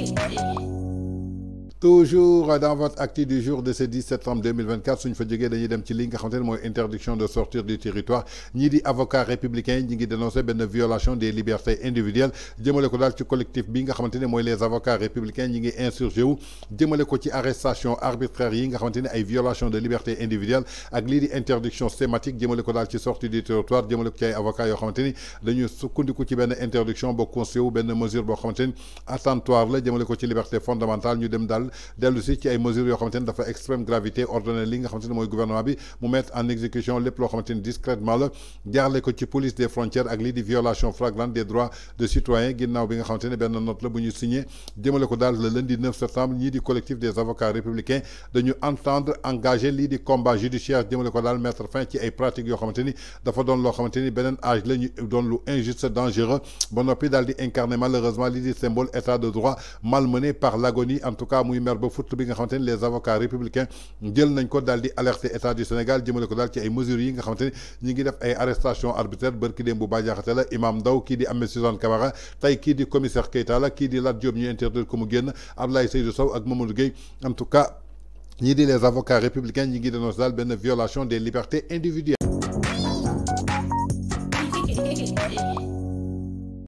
Yeah. toujours dans votre acte du jour de ce 10 septembre 2024 suñ fa jógee dañuy dem ci interdiction de sortir du territoire ñii di avocats républicains ñi ngi dénoncé violation des libertés individuelles jëmale ko daal ci collectif bi nga les avocats républicains qui ngi insurgé wu jëmale ko ci arrestation arbitraire yi nga ay violation de liberté individuelle ak lii interdiction sématique nous ko daal ci sortie du territoire jëmale ko ci ay avocats yoo nous ni dañu sukkandiku ci benn interdiction boo wu mesure boo attentatoire la jëmale ko ci liberté fondamentale ñu dem Sénégal dellu si ci ay mesures yoo xamante ne dafa extrême gravité ordonné li nga xamante ne mooy gouvernement bi mu mettre en exécution lépp loo xamante ne discrètement la jaarle ko ci police des frontières ak lii di violation flagrante des droits de citoyens ginnaaw bi nga xamante ne benn note la bu ñu signé jëmale ko daal le lundi 9 septembre ñii di collectif des avocats républicains dañu entendre engager lii di combat judiciaire jëmale ko daal mettre fin ci ay pratiques yoo xamante ni dafa doon loo xamante ni beneen âge la ñu doon lu injuste dangereux ba noppi daal di incarner malheureusement lii di symbole état de droit malmené par l'agonie en tout cas muy muy mer ba bi nga xamante ni les avocats républicains jël nañ ko daal di alerter état du Sénégal jëmale ko daal ci ay mesures yi nga xamante ni ñi ngi def ay arrestation arbitraire barki déem ba bàjaaxate la imam daw kii di amé Suzanne Camara tay kii di commissaire Keita la kii di Lat Diop ñu interdire ko mu génn Abdoulaye Seydou Sow ak Mamadou Gueye en tout cas ñii di les avocats républicains ñi ngi dénoncer daal benn violation des libertés individuelles